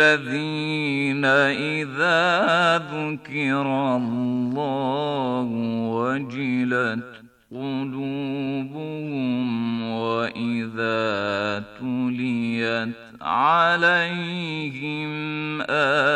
الذين إذا ذكر الله وجلت قلوبهم وإذا تليت عليهم آه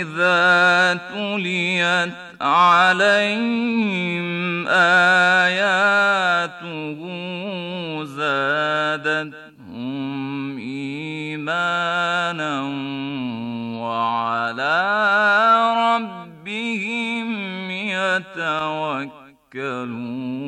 إذا تليت عليهم آياته زادتهم إيمانا وعلى ربهم يتوكلون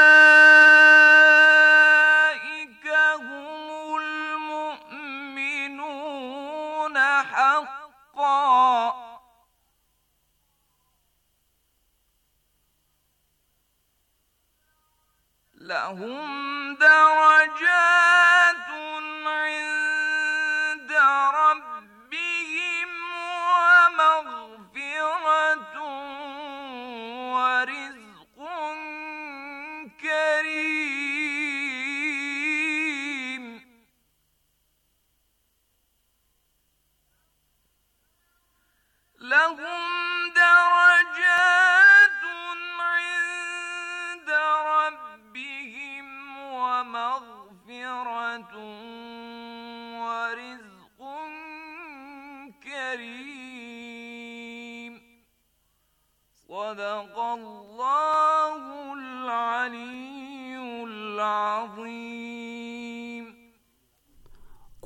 لهم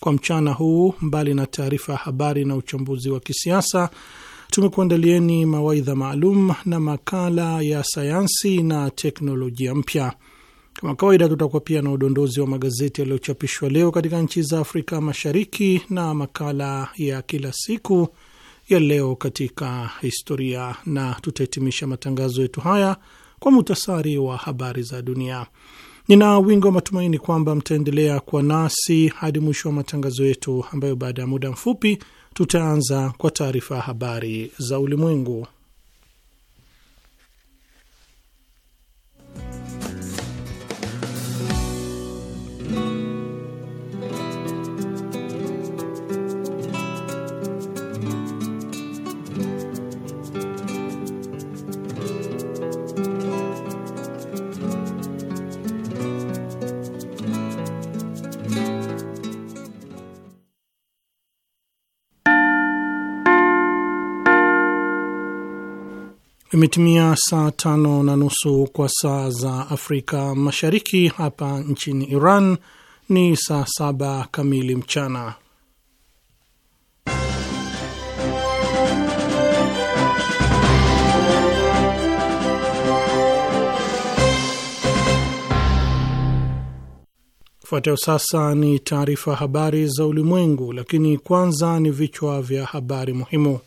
Kwa mchana huu, mbali na taarifa ya habari na uchambuzi wa kisiasa, tumekuandalieni mawaidha maalum na makala ya sayansi na teknolojia mpya. Kama kawaida, tutakuwa pia na udondozi wa magazeti yaliyochapishwa leo katika nchi za Afrika Mashariki na makala ya kila siku ya leo katika historia, na tutahitimisha matangazo yetu haya kwa muhtasari wa habari za dunia. Nina wingi wa matumaini kwamba mtaendelea kuwa nasi hadi mwisho wa matangazo yetu, ambayo baada ya muda mfupi tutaanza kwa taarifa ya habari za ulimwengu. Imetimia saa tano na nusu kwa saa za Afrika Mashariki. Hapa nchini Iran ni saa saba kamili mchana. Fuatayo sasa ni taarifa habari za ulimwengu, lakini kwanza ni vichwa vya habari muhimu.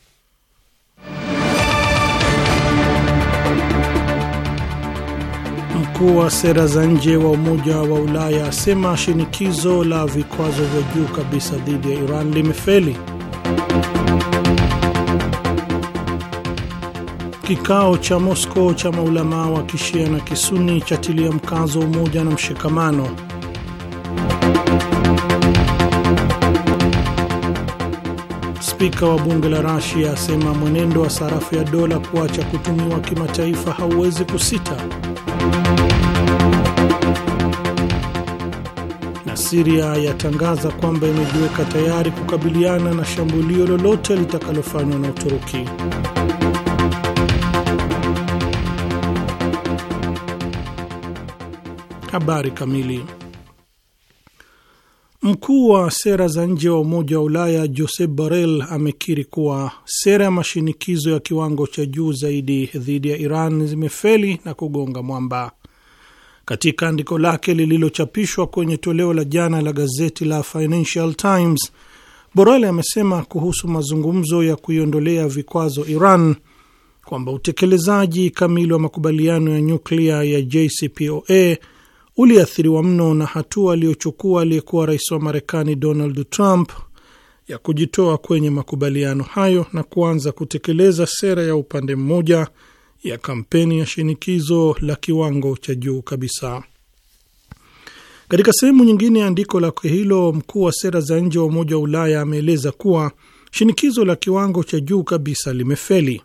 mkuu wa sera za nje wa Umoja wa Ulaya asema shinikizo la vikwazo vya juu kabisa dhidi ya Iran limefeli. Kikao cha mosco cha maulamaa wa kishia na kisuni chatilia mkazo umoja na mshikamano. Spika wa bunge la Rasia asema mwenendo wa sarafu ya dola kuacha kutumiwa kimataifa hauwezi kusita. Siria yatangaza kwamba imejiweka tayari kukabiliana na shambulio lolote litakalofanywa na Uturuki. Habari kamili. Mkuu wa sera za nje wa Umoja wa Ulaya Josep Borrell amekiri kuwa sera ya mashinikizo ya kiwango cha juu zaidi dhidi ya Iran zimefeli na kugonga mwamba. Katika andiko lake lililochapishwa kwenye toleo la jana la gazeti la Financial Times, Borrell amesema kuhusu mazungumzo ya kuiondolea vikwazo Iran kwamba utekelezaji kamili wa makubaliano ya nyuklia ya JCPOA uliathiriwa mno na hatua aliyochukua aliyekuwa rais wa Marekani Donald Trump ya kujitoa kwenye makubaliano hayo na kuanza kutekeleza sera ya upande mmoja ya kampeni ya shinikizo la kiwango cha juu kabisa. Katika sehemu nyingine ya andiko lake hilo, mkuu wa sera za nje wa Umoja wa Ulaya ameeleza kuwa shinikizo la kiwango cha juu kabisa limefeli,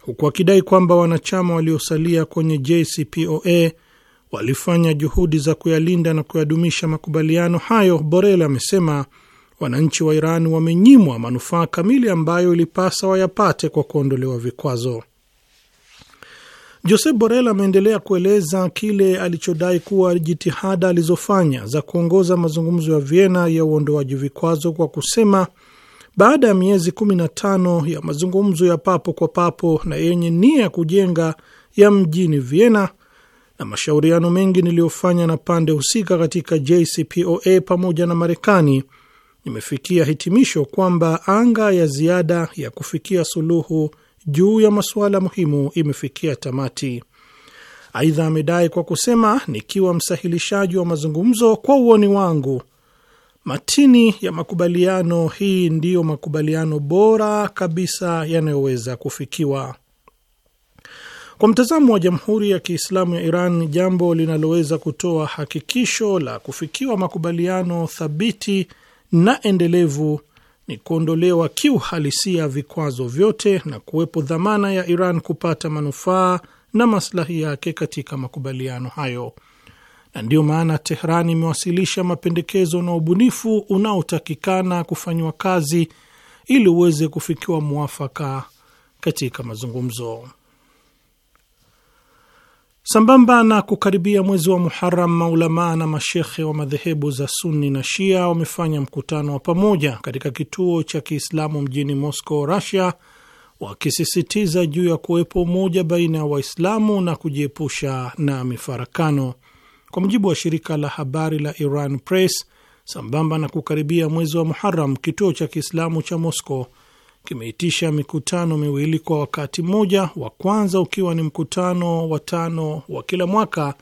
huku akidai kwamba wanachama waliosalia kwenye JCPOA walifanya juhudi za kuyalinda na kuyadumisha makubaliano hayo. Borel amesema wananchi wa Iran wamenyimwa manufaa kamili ambayo ilipasa wayapate kwa kuondolewa vikwazo. Josep Borrell ameendelea kueleza kile alichodai kuwa jitihada alizofanya za kuongoza mazungumzo ya Vienna ya uondoaji vikwazo kwa kusema baada ya miezi 15 ya mazungumzo ya papo kwa papo na yenye nia ya kujenga ya mjini Vienna na mashauriano mengi niliyofanya na pande husika katika JCPOA pamoja na Marekani, nimefikia hitimisho kwamba anga ya ziada ya kufikia suluhu juu ya masuala muhimu imefikia tamati. Aidha, amedai kwa kusema, nikiwa msahilishaji wa mazungumzo, kwa uoni wangu matini ya makubaliano hii ndiyo makubaliano bora kabisa yanayoweza kufikiwa. Kwa mtazamo wa Jamhuri ya Kiislamu ya Iran, jambo linaloweza kutoa hakikisho la kufikiwa makubaliano thabiti na endelevu ni kuondolewa kiuhalisia vikwazo vyote na kuwepo dhamana ya Iran kupata manufaa na maslahi yake katika makubaliano hayo, na ndiyo maana Tehran imewasilisha mapendekezo na ubunifu unaotakikana kufanyiwa kazi ili uweze kufikiwa mwafaka katika mazungumzo. Sambamba na kukaribia mwezi wa Muharam, maulamaa na mashekhe wa madhehebu za Sunni na Shia wamefanya mkutano wa pamoja katika kituo cha Kiislamu mjini Moscow, Russia, wakisisitiza juu ya kuwepo umoja baina ya Waislamu na kujiepusha na mifarakano. Kwa mujibu wa shirika la habari la Iran Press, sambamba na kukaribia mwezi wa Muharam, kituo cha Kiislamu cha Moscow kimeitisha mikutano miwili kwa wakati mmoja, wa kwanza ukiwa ni mkutano wa tano wa kila mwaka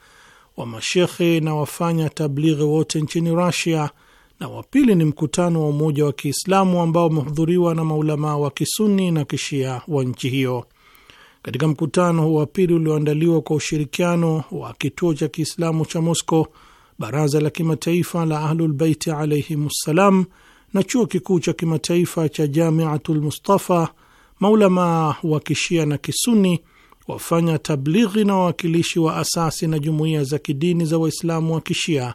wa mashekhe na wafanya tablighi wote nchini rasia na wa pili ni mkutano wa Umoja wa Kiislamu ambao umehudhuriwa na maulamaa wa Kisuni na Kishia wa nchi hiyo. Katika mkutano huu wa pili ulioandaliwa kwa ushirikiano wa kituo cha Kiislamu cha Moscow, Baraza la Kimataifa la Ahlulbeiti alaihim ssalam na chuo kikuu cha kimataifa cha Jamiatul Mustafa, maulamaa wa kishia na kisuni wafanya tablighi na wawakilishi wa asasi na jumuiya za kidini za Waislamu wa kishia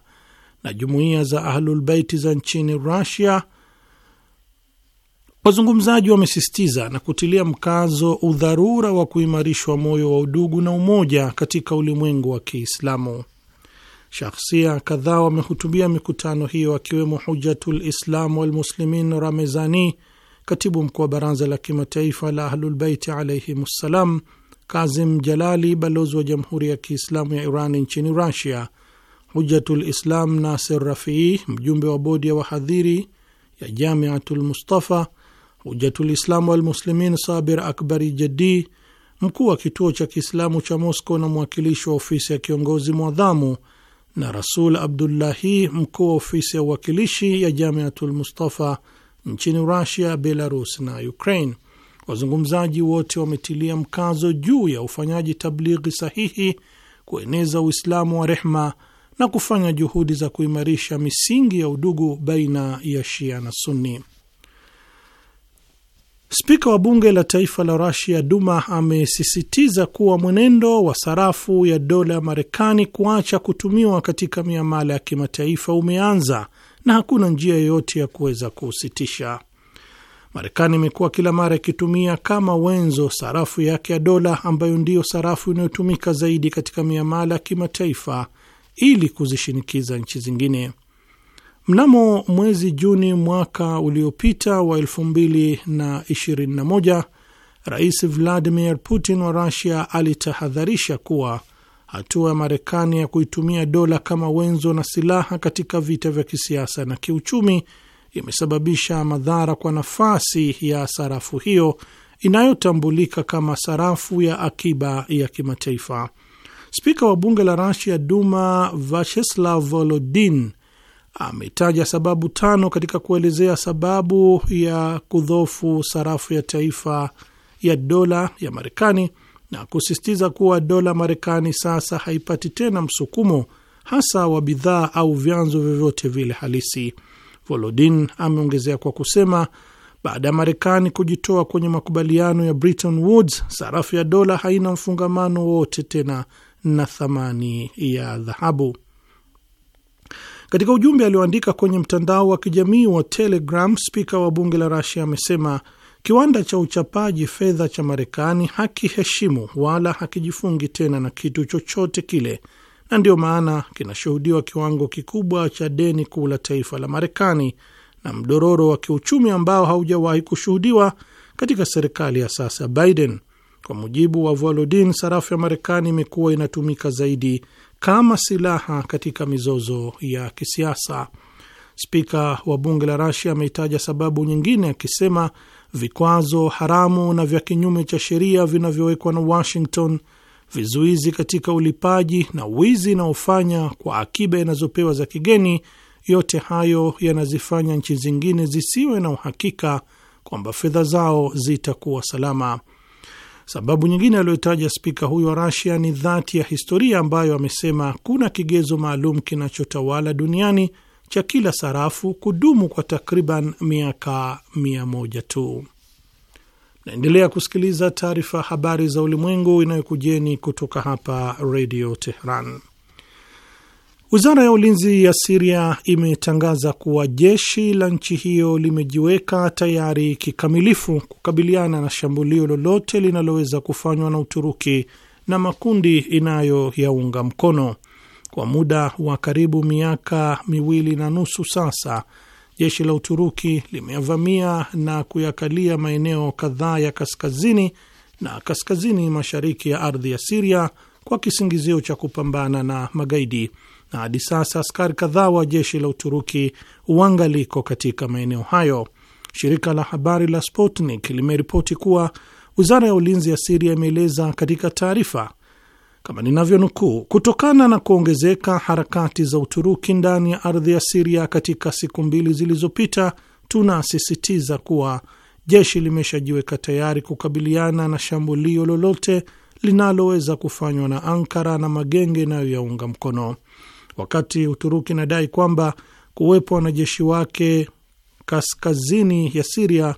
na jumuiya za Ahlulbeiti za nchini Rusia. Wazungumzaji wamesisitiza na kutilia mkazo udharura wa kuimarishwa moyo wa udugu na umoja katika ulimwengu wa Kiislamu. Shakhsia kadhaa wamehutubia mikutano hiyo akiwemo Hujatul Islam Walmuslimin Ramezani, katibu mkuu wa Baraza la Kimataifa la Ahlulbeiti ssalam, Kazim Jalali, balozi wa Jamhuri ya Kiislamu ya Iran nchini Rusia, Hujatul Islam Nasir Rafii, mjumbe wa bodi ya wahadhiri ya Jamiatul Mustafa, Hujatul Islam Walmuslimin Sabir Akbari Jadi, mkuu wa kituo cha Kiislamu cha Moscow na mwakilishi wa ofisi ya kiongozi mwadhamu na Rasul Abdullahi, mkuu wa ofisi ya uwakilishi ya Jamiatul Mustafa nchini Rusia, Belarus na Ukraine. Wazungumzaji wote wametilia mkazo juu ya ufanyaji tablighi sahihi, kueneza Uislamu wa rehma na kufanya juhudi za kuimarisha misingi ya udugu baina ya Shia na Sunni. Spika wa bunge la taifa la Rasia Duma amesisitiza kuwa mwenendo wa sarafu ya dola ya Marekani kuacha kutumiwa katika miamala ya kimataifa umeanza na hakuna njia yoyote ya kuweza kuusitisha. Marekani imekuwa kila mara ikitumia kama wenzo sarafu yake ya dola ambayo ndiyo sarafu inayotumika zaidi katika miamala ya kimataifa ili kuzishinikiza nchi zingine. Mnamo mwezi Juni mwaka uliopita wa 2021 Rais Vladimir Putin wa Rusia alitahadharisha kuwa hatua ya Marekani ya kuitumia dola kama wenzo na silaha katika vita vya kisiasa na kiuchumi imesababisha madhara kwa nafasi ya sarafu hiyo inayotambulika kama sarafu ya akiba ya kimataifa. Spika wa bunge la Rusia Duma Vacheslav Volodin ametaja sababu tano katika kuelezea sababu ya kudhofu sarafu ya taifa ya dola ya Marekani na kusisitiza kuwa dola Marekani sasa haipati tena msukumo hasa wa bidhaa au vyanzo vyovyote vile halisi. Volodin ameongezea kwa kusema, baada ya Marekani kujitoa kwenye makubaliano ya Bretton Woods, sarafu ya dola haina mfungamano wote tena na thamani ya dhahabu. Katika ujumbe alioandika kwenye mtandao wa kijamii wa Telegram, spika wa bunge la Rasia amesema kiwanda cha uchapaji fedha cha Marekani hakiheshimu wala hakijifungi tena na kitu chochote kile, na ndiyo maana kinashuhudiwa kiwango kikubwa cha deni kuu la taifa la Marekani na mdororo wa kiuchumi ambao haujawahi kushuhudiwa katika serikali ya sasa Biden. Kwa mujibu wa Volodin, sarafu ya Marekani imekuwa inatumika zaidi kama silaha katika mizozo ya kisiasa. Spika wa bunge la Rasia ameitaja sababu nyingine akisema vikwazo haramu na vya kinyume cha sheria vinavyowekwa na Washington, vizuizi katika ulipaji na wizi inaofanya kwa akiba inazopewa za kigeni, yote hayo yanazifanya nchi zingine zisiwe na uhakika kwamba fedha zao zitakuwa salama. Sababu nyingine aliyotaja spika huyo wa Rasia ni dhati ya historia ambayo amesema kuna kigezo maalum kinachotawala duniani cha kila sarafu kudumu kwa takriban miaka mia moja tu. Naendelea kusikiliza taarifa habari za ulimwengu inayokujeni kutoka hapa Redio teheran Wizara ya ulinzi ya Siria imetangaza kuwa jeshi la nchi hiyo limejiweka tayari kikamilifu kukabiliana na shambulio lolote linaloweza kufanywa na Uturuki na makundi inayoyaunga mkono. Kwa muda wa karibu miaka miwili na nusu sasa, jeshi la Uturuki limeyavamia na kuyakalia maeneo kadhaa ya kaskazini na kaskazini mashariki ya ardhi ya Siria kwa kisingizio cha kupambana na magaidi na hadi sasa askari kadhaa wa jeshi la Uturuki uangaliko katika maeneo hayo. Shirika la habari la Sputnik limeripoti kuwa wizara ya ulinzi ya Siria imeeleza katika taarifa kama ninavyonukuu, kutokana na kuongezeka harakati za Uturuki ndani ya ardhi ya Siria katika siku mbili zilizopita, tunasisitiza kuwa jeshi limeshajiweka tayari kukabiliana na shambulio lolote linaloweza kufanywa na Ankara na magenge inayoyaunga mkono wakati Uturuki inadai kwamba kuwepo wanajeshi wake kaskazini ya Siria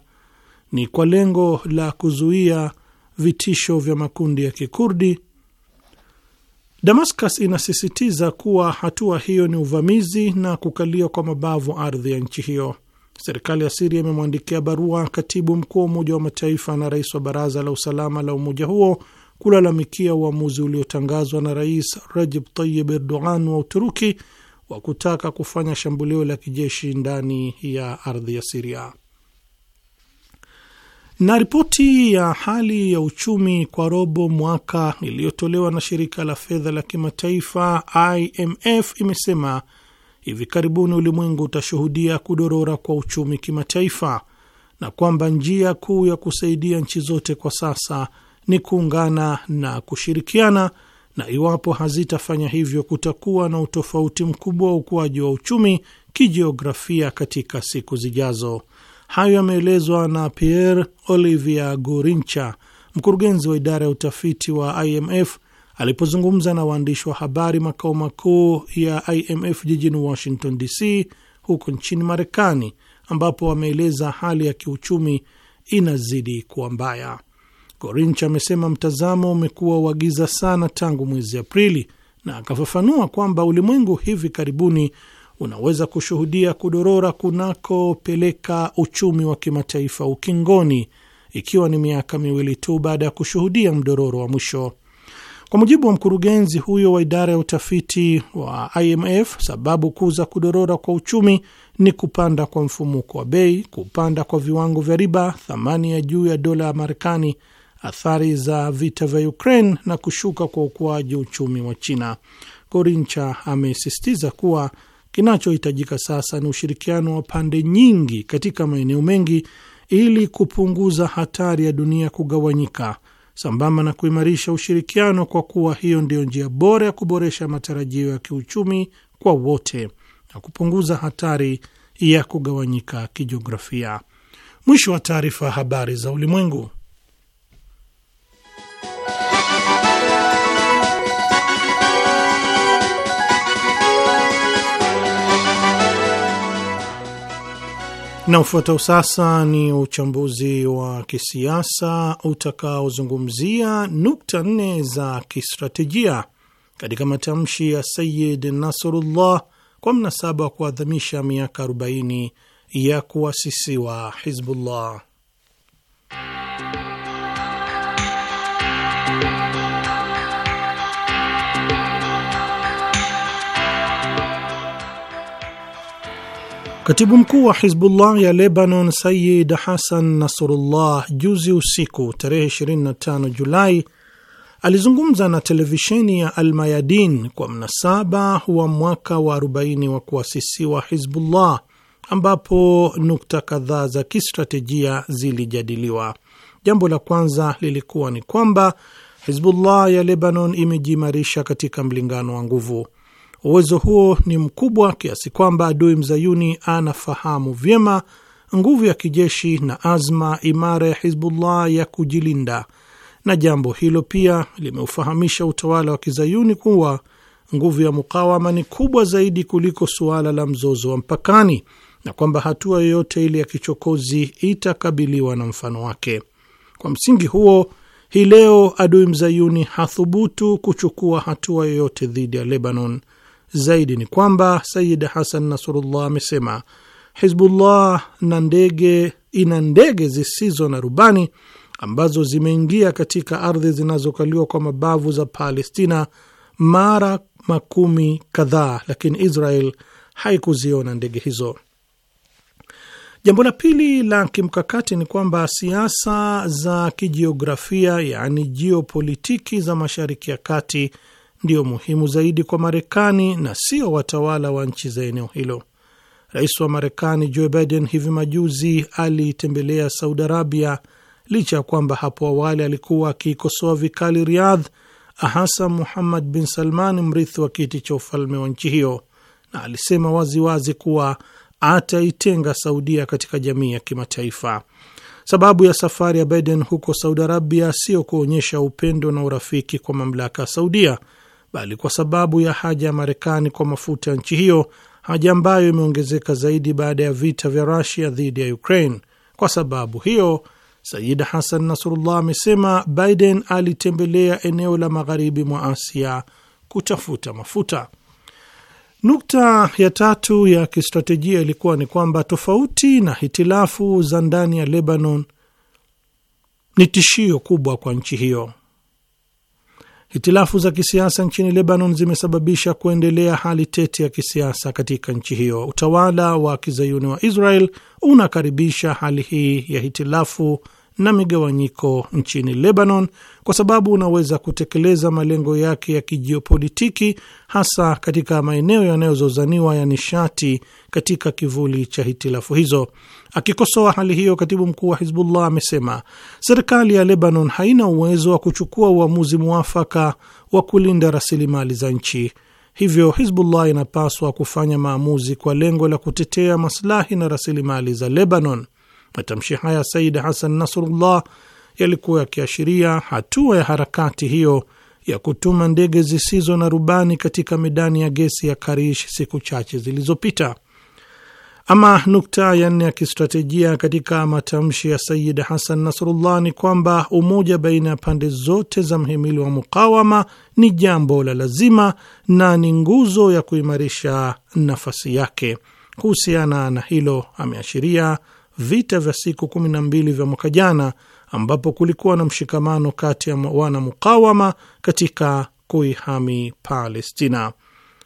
ni kwa lengo la kuzuia vitisho vya makundi ya Kikurdi. Damascus inasisitiza kuwa hatua hiyo ni uvamizi na kukalia kwa mabavu ardhi ya nchi hiyo. Serikali ya Siria imemwandikia barua katibu mkuu wa Umoja wa Mataifa na rais wa Baraza la Usalama la umoja huo kulalamikia uamuzi uliotangazwa na Rais Recep Tayyip Erdogan wa Uturuki wa kutaka kufanya shambulio la kijeshi ndani ya ardhi ya Siria. Na ripoti ya hali ya uchumi kwa robo mwaka iliyotolewa na shirika la fedha la kimataifa IMF imesema hivi karibuni ulimwengu utashuhudia kudorora kwa uchumi kimataifa na kwamba njia kuu ya kusaidia nchi zote kwa sasa ni kuungana na kushirikiana, na iwapo hazitafanya hivyo, kutakuwa na utofauti mkubwa wa ukuaji wa uchumi kijiografia katika siku zijazo. Hayo yameelezwa na Pierre Olivier Gurincha, mkurugenzi wa idara ya utafiti wa IMF alipozungumza na waandishi wa habari makao makuu ya IMF jijini Washington DC, huko nchini Marekani, ambapo wameeleza hali ya kiuchumi inazidi kuwa mbaya. Gorincha amesema mtazamo umekuwa wa giza sana tangu mwezi Aprili, na akafafanua kwamba ulimwengu hivi karibuni unaweza kushuhudia kudorora kunakopeleka uchumi wa kimataifa ukingoni, ikiwa ni miaka miwili tu baada ya kushuhudia mdororo wa mwisho. Kwa mujibu wa mkurugenzi huyo wa idara ya utafiti wa IMF, sababu kuu za kudorora kwa uchumi ni kupanda kwa mfumuko wa bei, kupanda kwa viwango vya riba, thamani ya juu ya dola ya Marekani athari za vita vya Ukraine na kushuka kwa ukuaji uchumi wa China. Gorincha amesisitiza kuwa kinachohitajika sasa ni ushirikiano wa pande nyingi katika maeneo mengi ili kupunguza hatari ya dunia kugawanyika, sambamba na kuimarisha ushirikiano, kwa kuwa hiyo ndiyo njia bora ya kuboresha matarajio ya kiuchumi kwa wote na kupunguza hatari ya kugawanyika kijiografia. Mwisho wa taarifa. Habari za Ulimwengu. Na ufuatao sasa ni uchambuzi wa kisiasa utakaozungumzia nukta nne za kistratejia katika matamshi ya Sayid Nasrullah kwa mnasaba wa kuadhimisha miaka 40 ya kuasisiwa Hizbullah. Katibu mkuu wa Hizbullah ya Lebanon Sayid Hasan Nasrullah juzi usiku tarehe 25 Julai alizungumza na televisheni ya Almayadin kwa mnasaba wa mwaka wa 40 wa kuasisiwa Hizbullah, ambapo nukta kadhaa za kistratejia zilijadiliwa. Jambo la kwanza lilikuwa ni kwamba Hizbullah ya Lebanon imejiimarisha katika mlingano wa nguvu Uwezo huo ni mkubwa kiasi kwamba adui mzayuni anafahamu vyema nguvu ya kijeshi na azma imara ya Hizbullah ya kujilinda, na jambo hilo pia limeufahamisha utawala wa kizayuni kuwa nguvu ya mukawama ni kubwa zaidi kuliko suala la mzozo wa mpakani na kwamba hatua yoyote ile ya kichokozi itakabiliwa na mfano wake. Kwa msingi huo, hii leo adui mzayuni hathubutu kuchukua hatua yoyote dhidi ya Lebanon zaidi ni kwamba Sayid Hasan Nasrullah amesema Hizbullah na ndege ina ndege zisizo na rubani ambazo zimeingia katika ardhi zinazokaliwa kwa mabavu za Palestina mara makumi kadhaa, lakini Israel haikuziona ndege hizo. Jambo la pili la kimkakati ni kwamba siasa za kijiografia, yaani jiopolitiki za Mashariki ya Kati ndio muhimu zaidi kwa Marekani na sio watawala wa nchi za eneo hilo. Rais wa Marekani Joe Biden hivi majuzi aliitembelea Saudi Arabia licha ya kwamba hapo awali alikuwa akiikosoa vikali Riyadh, ahasan Muhammad bin Salman, mrithi wa kiti cha ufalme wa nchi hiyo, na alisema waziwazi wazi kuwa ataitenga Saudia katika jamii ya kimataifa. Sababu ya safari ya Biden huko Saudi Arabia sio kuonyesha upendo na urafiki kwa mamlaka ya Saudia, bali kwa sababu ya haja ya Marekani kwa mafuta ya nchi hiyo, haja ambayo imeongezeka zaidi baada ya vita vya Rusia dhidi ya Ukraine. Kwa sababu hiyo, Sayid Hasan Nasrullah amesema Biden alitembelea eneo la magharibi mwa Asia kutafuta mafuta. Nukta ya tatu ya kistratejia ilikuwa ni kwamba tofauti na hitilafu za ndani ya Lebanon ni tishio kubwa kwa nchi hiyo. Hitilafu za kisiasa nchini Lebanon zimesababisha kuendelea hali tete ya kisiasa katika nchi hiyo. Utawala wa kizayuni wa Israel unakaribisha hali hii ya hitilafu na migawanyiko nchini Lebanon kwa sababu unaweza kutekeleza malengo yake ya kijiopolitiki hasa katika maeneo yanayozozaniwa ya nishati katika kivuli cha hitilafu hizo. Akikosoa hali hiyo, katibu mkuu wa Hizbullah amesema serikali ya Lebanon haina uwezo wa kuchukua uamuzi mwafaka wa kulinda rasilimali za nchi. Hivyo Hizbullah inapaswa kufanya maamuzi kwa lengo la kutetea maslahi na rasilimali za Lebanon Matamshi haya Said Hasan Nasrullah yalikuwa yakiashiria hatua ya harakati hiyo ya kutuma ndege zisizo na rubani katika medani ya gesi ya Karish siku chache zilizopita. Ama nukta ya nne ya kistratejia katika matamshi ya Sayid Hasan Nasrullah ni kwamba umoja baina ya pande zote za mhimili wa mukawama ni jambo la lazima na ni nguzo ya kuimarisha nafasi yake. Kuhusiana na hilo, ameashiria vita vya siku kumi na mbili vya mwaka jana, ambapo kulikuwa na mshikamano kati ya wanamukawama katika kuihami Palestina.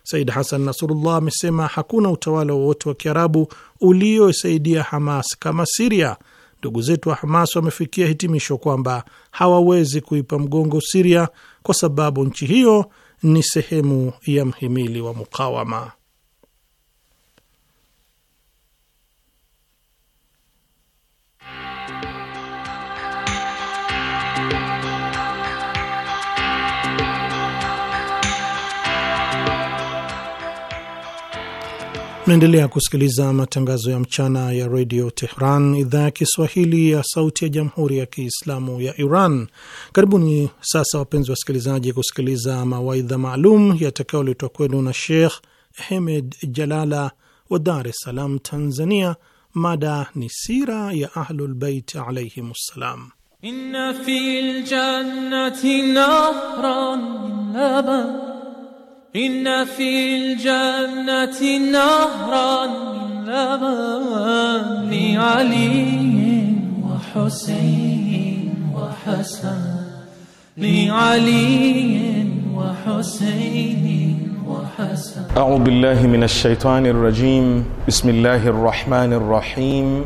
Said Hasan Nasrullah amesema hakuna utawala wowote wa kiarabu uliosaidia Hamas kama Siria. Ndugu zetu wa Hamas wamefikia hitimisho kwamba hawawezi kuipa mgongo Siria kwa sababu nchi hiyo ni sehemu ya mhimili wa mukawama. Mnaendelea kusikiliza matangazo ya mchana ya redio Tehran, idhaa ya Kiswahili ya sauti ya jamhuri ya kiislamu ya Iran. Karibuni sasa, wapenzi wasikilizaji, kusikiliza mawaidha maalum yatakayoletwa kwenu na Sheikh Hemed Jalala wa Dar es Salaam, Tanzania. Mada ni sira ya Ahlulbeit alaihim ssalam. inna fil jannati nahran min laban إن في الجنة نهرا من لبن لعلي وحسين وحسن لعلي وحسين وحسن أعوذ بالله من الشيطان الرجيم بسم الله الرحمن الرحيم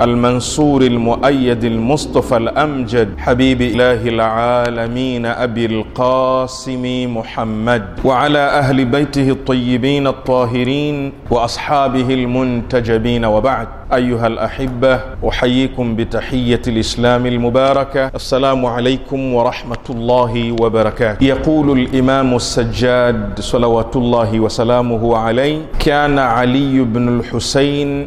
المنصور المؤيد المصطفى الامجد حبيب اله العالمين ابي القاسم محمد وعلى اهل بيته الطيبين الطاهرين واصحابه المنتجبين وبعد ايها الاحبه احييكم بتحيه الاسلام المباركه السلام عليكم ورحمه الله وبركاته يقول الامام السجاد صلوات الله وسلامه عليه كان علي بن الحسين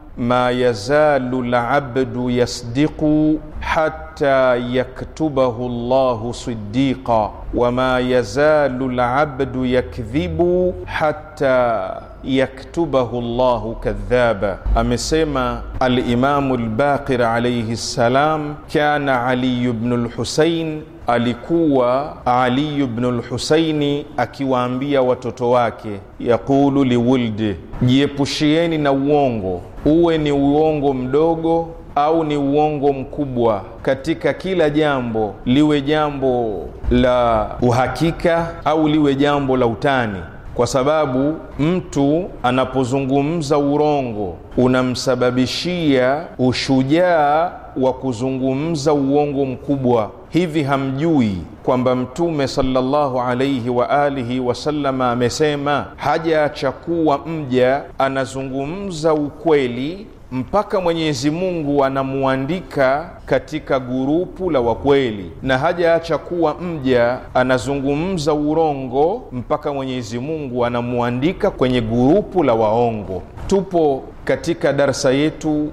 ma yazalu labdu yasdiqu hatta yaktubahu llahu sidiqa wama yazalu labdu yakdhibu hatta yaktubahu llahu kadhaba. Amesema Alimamu Lbaqir alaihi ssalam, kana Aliyu bnu Lhusain, alikuwa Aliyu bnu Lhusaini akiwaambia watoto wake, yaqulu liwuldi, jiepushieni na uongo uwe ni uongo mdogo au ni uongo mkubwa katika kila jambo, liwe jambo la uhakika au liwe jambo la utani, kwa sababu mtu anapozungumza urongo unamsababishia ushujaa wa kuzungumza uongo mkubwa. Hivi hamjui kwamba Mtume sallallahu alaihi wa alihi wasallama amesema, haja kuwa mja anazungumza ukweli mpaka Mwenyezi Mungu anamuandika katika gurupu la wakweli, na hajaacha kuwa mja anazungumza urongo mpaka Mwenyezi Mungu anamuandika kwenye gurupu la waongo. Tupo katika darsa yetu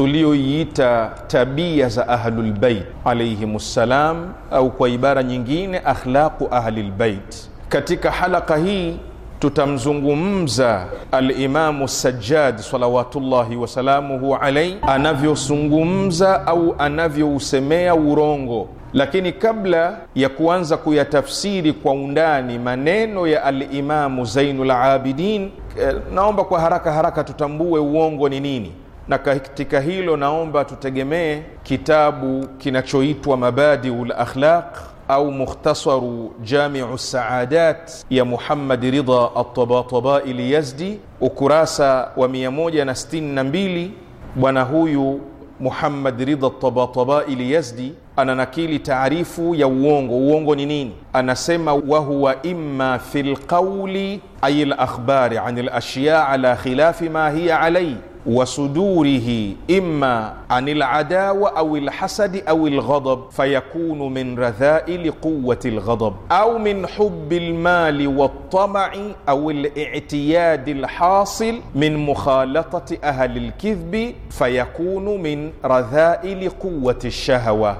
tuliyoiita tabia za Ahlulbeit alaihim ssalam, au kwa ibara nyingine akhlaqu Ahlilbeit. Katika halaka hii tutamzungumza Alimamu Sajjad salawatullahi wasalamuhu alaihi anavyozungumza au anavyousemea urongo lakini kabla ya kuanza kuyatafsiri kwa undani maneno ya Alimamu Zainul Abidin, eh, naomba kwa haraka haraka tutambue uongo ni nini na katika hilo naomba tutegemee kitabu kinachoitwa Mabadiul Akhlaq au Mukhtasaru Jamiu Saadat ya Muhammad Ridha At-Tabatabai Lyazdi, ukurasa wa 162. Bwana huyu Muhammad Ridha At-Tabatabai Lyazdi ananakili taarifu ya uongo. Uongo ni nini? Anasema wahuwa imma fi lqauli ay lakhbari an lashyaa ala khilafi ma hiya alaihi وصدوره إما عن العداوة أو الحسد أو الغضب فيكون من رذائل قوة الغضب أو من حب المال والطمع أو الاعتياد الحاصل من مخالطة أهل الكذب فيكون من رذائل قوة الشهوة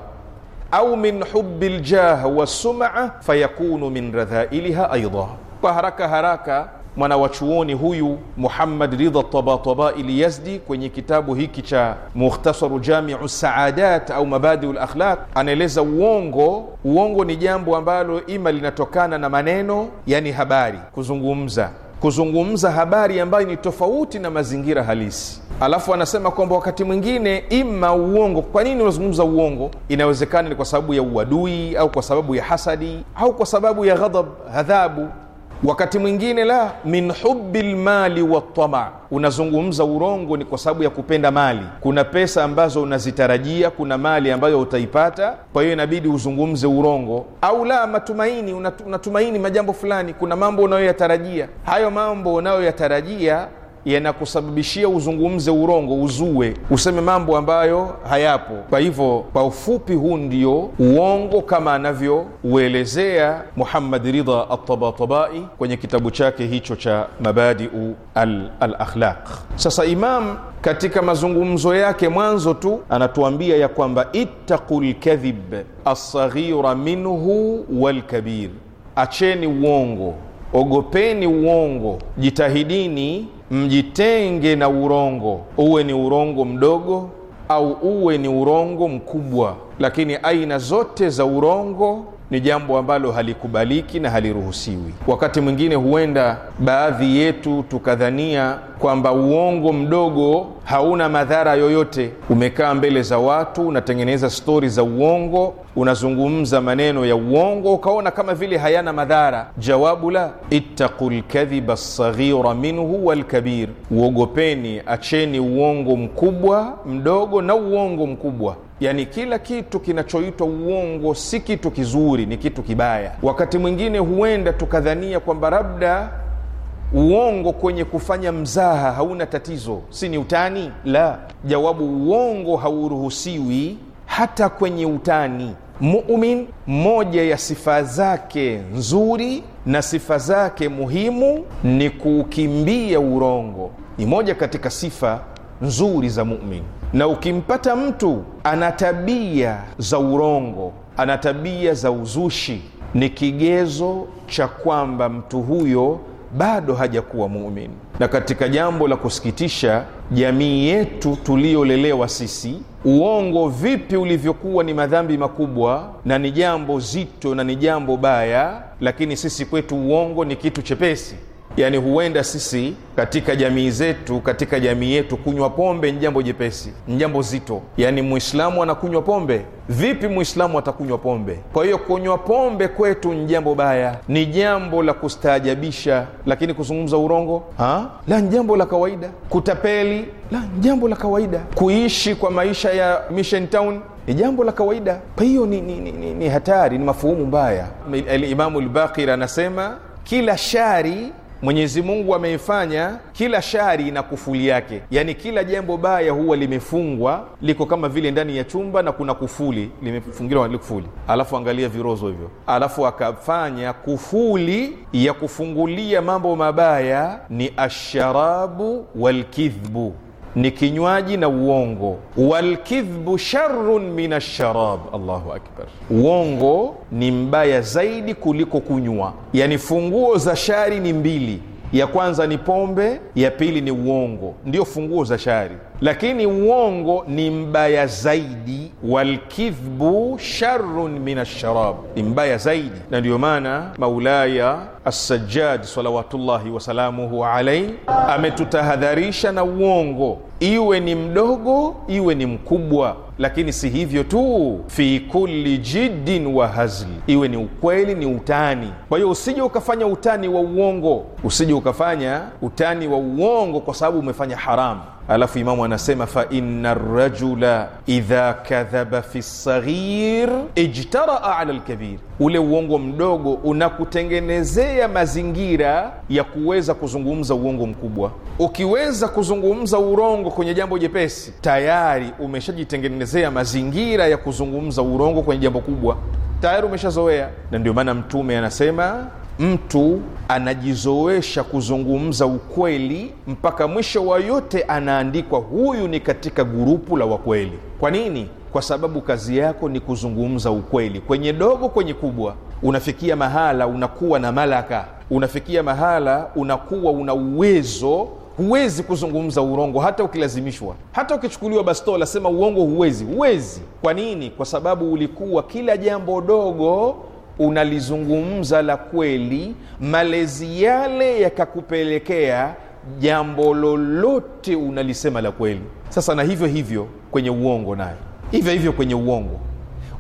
أو من حب الجاه والسمعة فيكون من رذائلها أيضا kwa هراك mwana wa chuoni huyu Muhammad Ridha Tabatabai Yazdi kwenye kitabu hiki cha Mukhtasaru Jamiu Saadat au Mabadiu Lakhlaq anaeleza uongo. Uongo ni jambo ambalo ima linatokana na maneno, yani habari, kuzungumza kuzungumza habari ambayo ni tofauti na mazingira halisi. Alafu anasema kwamba wakati mwingine ima uongo. Kwa nini unazungumza uongo? Inawezekana ni kwa sababu ya uadui au kwa sababu ya hasadi au kwa sababu ya ghadhab, adhabu wakati mwingine la min hubi lmali watama, unazungumza urongo ni kwa sababu ya kupenda mali. Kuna pesa ambazo unazitarajia, kuna mali ambayo utaipata, kwa hiyo inabidi uzungumze urongo. Au la matumaini, unatumaini majambo fulani, kuna mambo unayoyatarajia. Hayo mambo unayoyatarajia yanakusababishia uzungumze urongo, uzue, useme mambo ambayo hayapo. Kwa hivyo, kwa ufupi, huu ndio uongo kama anavyouelezea Muhammad Ridha Altabatabai kwenye kitabu chake hicho cha Mabadiu Alakhlaq al sasa Imam katika mazungumzo yake mwanzo tu anatuambia ya kwamba ittaqu lkadhib alsaghira minhu walkabir, acheni uongo ogopeni uongo, jitahidini mjitenge na urongo, uwe ni urongo mdogo au uwe ni urongo mkubwa lakini aina zote za urongo ni jambo ambalo halikubaliki na haliruhusiwi. Wakati mwingine huenda baadhi yetu tukadhania kwamba uongo mdogo hauna madhara yoyote. Umekaa mbele za watu, unatengeneza stori za uongo, unazungumza maneno ya uongo, ukaona kama vile hayana madhara. Jawabu la ittaqu lkadhiba lsaghira minhu walkabir, uogopeni, acheni uongo mkubwa, mdogo na uongo mkubwa yani kila kitu kinachoitwa uongo si kitu kizuri, ni kitu kibaya. Wakati mwingine huenda tukadhania kwamba labda uongo kwenye kufanya mzaha hauna tatizo, si ni utani? La, jawabu uongo hauruhusiwi hata kwenye utani. Mumin, moja ya sifa zake nzuri na sifa zake muhimu ni kuukimbia urongo, ni moja katika sifa nzuri za mumin, na ukimpata mtu ana tabia za urongo, ana tabia za uzushi, ni kigezo cha kwamba mtu huyo bado hajakuwa mumin. Na katika jambo la kusikitisha, jamii yetu tuliyolelewa sisi, uongo vipi ulivyokuwa ni madhambi makubwa na ni jambo zito na ni jambo baya, lakini sisi kwetu uongo ni kitu chepesi yani huenda sisi katika jamii zetu katika jamii yetu kunywa pombe ni jambo jepesi ni jambo zito yani mwislamu anakunywa pombe vipi mwislamu atakunywa pombe kwa hiyo kunywa pombe kwetu ni jambo baya ni jambo la kustaajabisha lakini kuzungumza urongo ha? la ni jambo la kawaida kutapeli la ni jambo la kawaida kuishi kwa maisha ya mission town ni jambo la kawaida kwa hiyo ni, ni, ni, ni, ni hatari ni mafuhumu mbaya alimamu lbakir anasema kila shari Mwenyezi Mungu ameifanya kila shari na kufuli yake, yaani kila jambo baya huwa limefungwa, liko kama vile ndani ya chumba na kuna kufuli limefungiwa na kufuli, alafu angalia virozo hivyo, alafu akafanya kufuli ya kufungulia mambo mabaya ni asharabu walkidhbu ni kinywaji na uongo. Walkidhbu sharun min alsharab, Allahu akbar. Uongo ni mbaya zaidi kuliko kunywa, yani funguo za shari ni mbili ya kwanza ni pombe, ya pili ni uongo, ndio funguo za shari. Lakini uongo ni mbaya zaidi, walkidhbu sharun min alsharab, ni mbaya zaidi. Na ndiyo maana Maulaya Assajjad salawatullahi wasalamuhu alaihi ametutahadharisha na uongo, iwe ni mdogo iwe ni mkubwa lakini si hivyo tu, fi kulli jiddin wa hazli, iwe ni ukweli, ni utani. Kwa hiyo usije ukafanya utani wa uongo, usije ukafanya utani wa uongo kwa sababu umefanya haramu alafu imamu anasema fa inna rajula idha kadhaba fi lsaghir ijtaraa ala lkabir, ule uongo mdogo unakutengenezea mazingira ya kuweza kuzungumza uongo mkubwa. Ukiweza kuzungumza urongo kwenye jambo jepesi, tayari umeshajitengenezea mazingira ya kuzungumza urongo kwenye jambo kubwa, tayari umeshazoea. Na ndio maana Mtume anasema mtu anajizoesha kuzungumza ukweli mpaka mwisho wa yote anaandikwa huyu ni katika gurupu la wakweli. Kwa nini? Kwa sababu kazi yako ni kuzungumza ukweli, kwenye dogo, kwenye kubwa. Unafikia mahala unakuwa na malaka, unafikia mahala unakuwa una uwezo huwezi kuzungumza urongo hata ukilazimishwa, hata ukichukuliwa bastola, sema uongo, huwezi, huwezi. Kwa nini? Kwa sababu ulikuwa kila jambo dogo unalizungumza la kweli, malezi yale yakakupelekea jambo lolote unalisema la kweli. Sasa na hivyo hivyo kwenye uongo, naye hivyo hivyo kwenye uongo,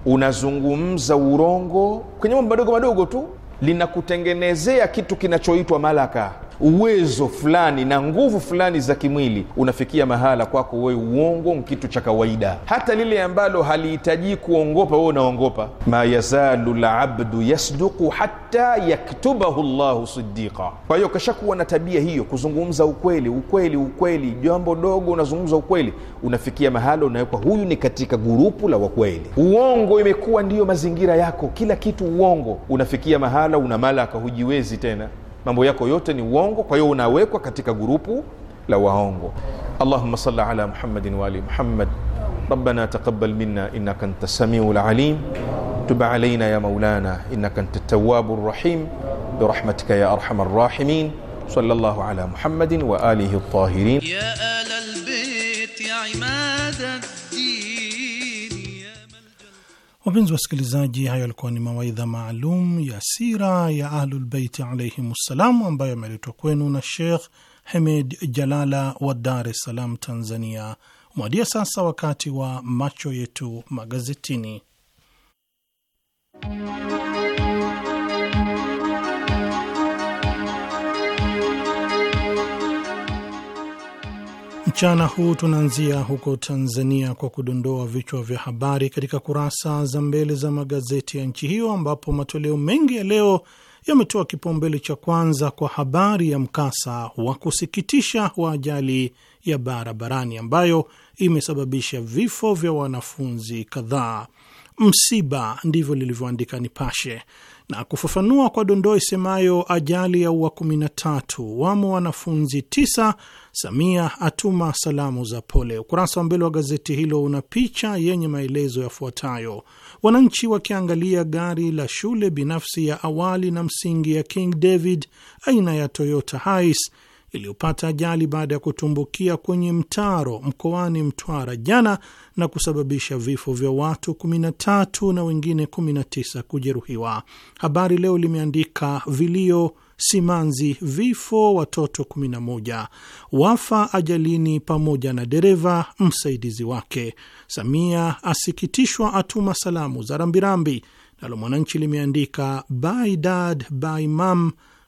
unazungumza urongo kwenye mambo madogo madogo tu, linakutengenezea kitu kinachoitwa malaka uwezo fulani na nguvu fulani za kimwili, unafikia mahala kwako wewe uongo ni kitu cha kawaida, hata lile ambalo halihitajii kuongopa wewe unaongopa. ma yazalu labdu yasduku hata yaktubahu llahu sidiqa. Kwa hiyo kashakuwa na tabia hiyo, kuzungumza ukweli, ukweli, ukweli, jambo dogo unazungumza ukweli, unafikia mahala unawekwa huyu ni katika gurupu la wakweli. Uongo imekuwa ndiyo mazingira yako, kila kitu uongo, unafikia mahala una malaka, hujiwezi tena mambo yako yote ni uongo kwa hiyo unawekwa katika gurupu la waongo allahuma sali ala muhammadin waali muhammad ربنا تقبل منا انك انت السميع العليم تب علينا يا مولانا انك انت التواب الرحيم برحمتك يا ارحم الراحمين صلى الله على محمد واله الطاهرين يا ال البيت يا عماد الدين Wapenzi wasikilizaji, hayo yalikuwa ni mawaidha maalum ya sira ya Ahlulbeiti ssalam ambayo yameletwa kwenu na shekh Hemed Jalala wa Dar es Salaam, Tanzania. Mwadia sasa wakati wa macho yetu magazetini. Mchana huu tunaanzia huko Tanzania kwa kudondoa vichwa vya habari katika kurasa za mbele za magazeti ya nchi hiyo, ambapo matoleo mengi ya leo yametoa kipaumbele cha kwanza kwa habari ya mkasa wa kusikitisha wa ajali ya barabarani ambayo imesababisha vifo vya wanafunzi kadhaa. Msiba, ndivyo lilivyoandika Nipashe na kufafanua kwa dondoo isemayo ajali ya ua 13 wamo wanafunzi tisa, Samia atuma salamu za pole. Ukurasa wa mbele wa gazeti hilo una picha yenye maelezo yafuatayo: wananchi wakiangalia gari la shule binafsi ya awali na msingi ya King David aina ya Toyota Hiace iliyopata ajali baada ya kutumbukia kwenye mtaro mkoani Mtwara jana na kusababisha vifo vya watu 13 na wengine 19 kujeruhiwa. Habari Leo limeandika vilio simanzi, vifo watoto 11 wafa ajalini pamoja na dereva msaidizi wake. Samia asikitishwa, atuma salamu za rambirambi. Nalo Mwananchi limeandika by dad by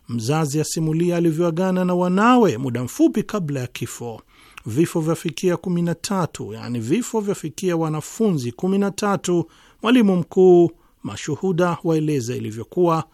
Mzazi asimulia alivyoagana na wanawe muda mfupi kabla ya kifo. Vifo vyafikia 13, yaani vifo vyafikia wanafunzi 13. Mwalimu mkuu, mashuhuda waeleza ilivyokuwa.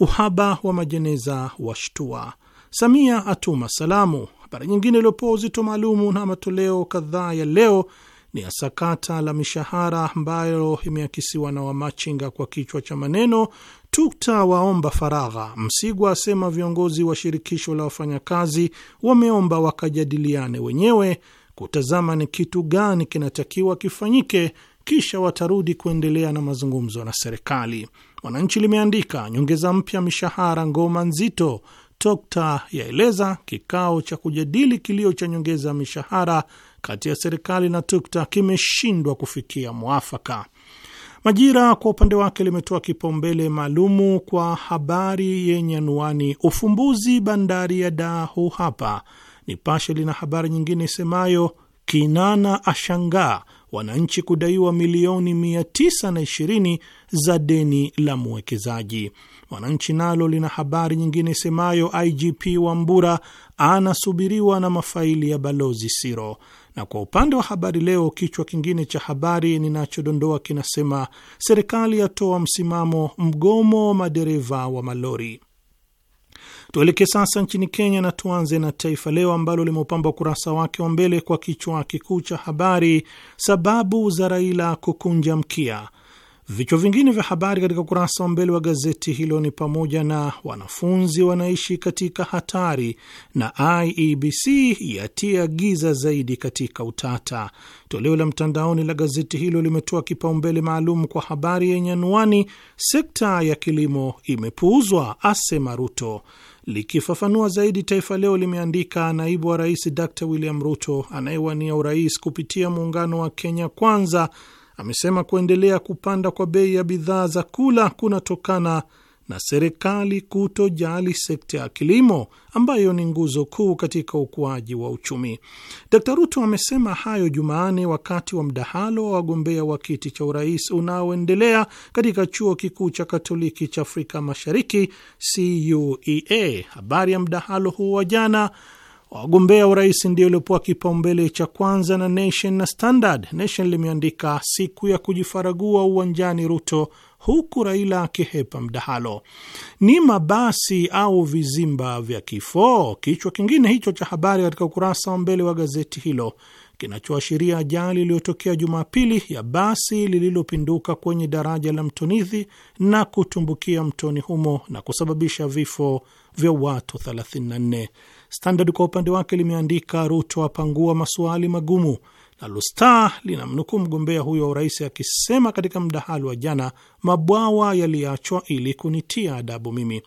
Uhaba wa majeneza washtua. Samia atuma salamu. Habari nyingine iliyopewa uzito maalumu na matoleo kadhaa ya leo ni ya sakata la mishahara ambayo imeakisiwa na wamachinga kwa kichwa cha maneno tukta waomba faragha. Msigwa asema viongozi wa shirikisho la wafanyakazi wameomba wakajadiliane wenyewe kutazama ni kitu gani kinatakiwa kifanyike, kisha watarudi kuendelea na mazungumzo na serikali. Mwananchi limeandika nyongeza mpya mishahara, ngoma nzito. Tokta yaeleza kikao cha kujadili kilio cha nyongeza mishahara kati ya serikali na Tukta kimeshindwa kufikia mwafaka. Majira kwa upande wake limetoa kipaumbele maalumu kwa habari yenye anuani ufumbuzi bandari ya Dahu. hapa. Nipashe lina habari nyingine isemayo Kinana ashangaa wananchi kudaiwa milioni 920 za deni la mwekezaji. Mwananchi nalo lina habari nyingine isemayo IGP Wambura anasubiriwa na mafaili ya balozi Siro. Na kwa upande wa habari leo, kichwa kingine cha habari ninachodondoa kinasema serikali yatoa msimamo mgomo madereva wa malori. Tuelekee sasa nchini Kenya na tuanze na Taifa Leo ambalo limeupamba ukurasa wake wa mbele kwa kichwa kikuu cha habari, sababu za Raila kukunja mkia, Vichwa vingine vya habari katika ukurasa wa mbele wa gazeti hilo ni pamoja na wanafunzi wanaishi katika hatari na IEBC yatia giza zaidi katika utata. Toleo la mtandaoni la gazeti hilo limetoa kipaumbele maalum kwa habari yenye anwani sekta ya kilimo imepuuzwa, asema Ruto. Likifafanua zaidi, Taifa Leo limeandika naibu wa rais Dr William Ruto anayewania urais kupitia muungano wa Kenya Kwanza amesema kuendelea kupanda kwa bei ya bidhaa za kula kunatokana na serikali kutojali sekta ya kilimo ambayo ni nguzo kuu katika ukuaji wa uchumi. Dkt Ruto amesema hayo Jumanne wakati wa mdahalo wa wagombea wa kiti cha urais unaoendelea katika chuo kikuu cha Katoliki cha Afrika Mashariki, CUEA. Habari ya mdahalo huo wa jana Wagombea urais ndio uliopewa kipaumbele cha kwanza na Nation na Standard. Nation limeandika siku ya kujifaragua uwanjani Ruto, huku Raila akihepa mdahalo. Ni mabasi au vizimba vya kifo, kichwa kingine hicho cha habari katika ukurasa wa mbele wa gazeti hilo kinachoashiria ajali iliyotokea Jumapili ya basi lililopinduka kwenye daraja la Mtonithi na kutumbukia mtoni humo na kusababisha vifo vya watu 34. Standard kwa upande wake limeandika Ruto apangua maswali magumu, nalo Star linamnukuu mgombea huyo wa urais akisema katika mdahalo wa jana, mabwawa yaliachwa ili kunitia adabu mimi.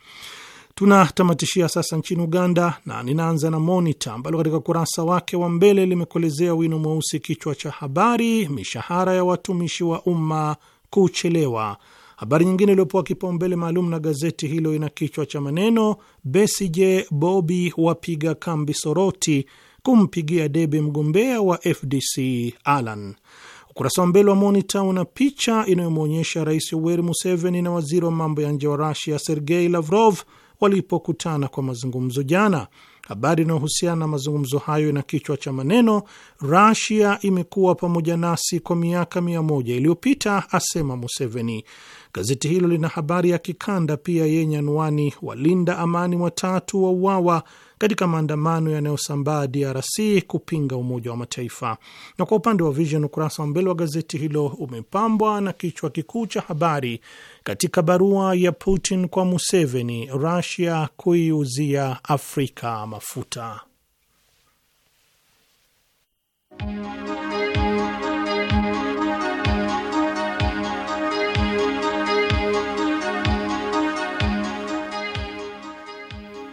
Tunatamatishia sasa nchini Uganda na ninaanza na Monita ambalo katika ukurasa wake wa mbele limekolezea wino mweusi kichwa cha habari, mishahara ya watumishi wa umma kuchelewa Habari nyingine iliyopewa kipaumbele maalum na gazeti hilo ina kichwa cha maneno Besigye Bobi wapiga kambi Soroti kumpigia debe mgombea wa FDC Alan. Ukurasa wa mbele wa Monita una picha inayomwonyesha Rais Yoweri Museveni na waziri wa mambo ya nje wa Rusia Sergei Lavrov walipokutana kwa mazungumzo jana. Habari inayohusiana na mazungumzo hayo ina kichwa cha maneno Rusia imekuwa pamoja nasi kwa miaka mia moja iliyopita, asema Museveni. Gazeti hilo lina habari ya kikanda pia yenye anwani walinda amani watatu wa uawa katika maandamano yanayosambaa DRC kupinga Umoja wa Mataifa. Na kwa upande wa Vision, ukurasa wa mbele wa gazeti hilo umepambwa na kichwa kikuu cha habari, katika barua ya Putin kwa Museveni, Rusia kuiuzia Afrika mafuta.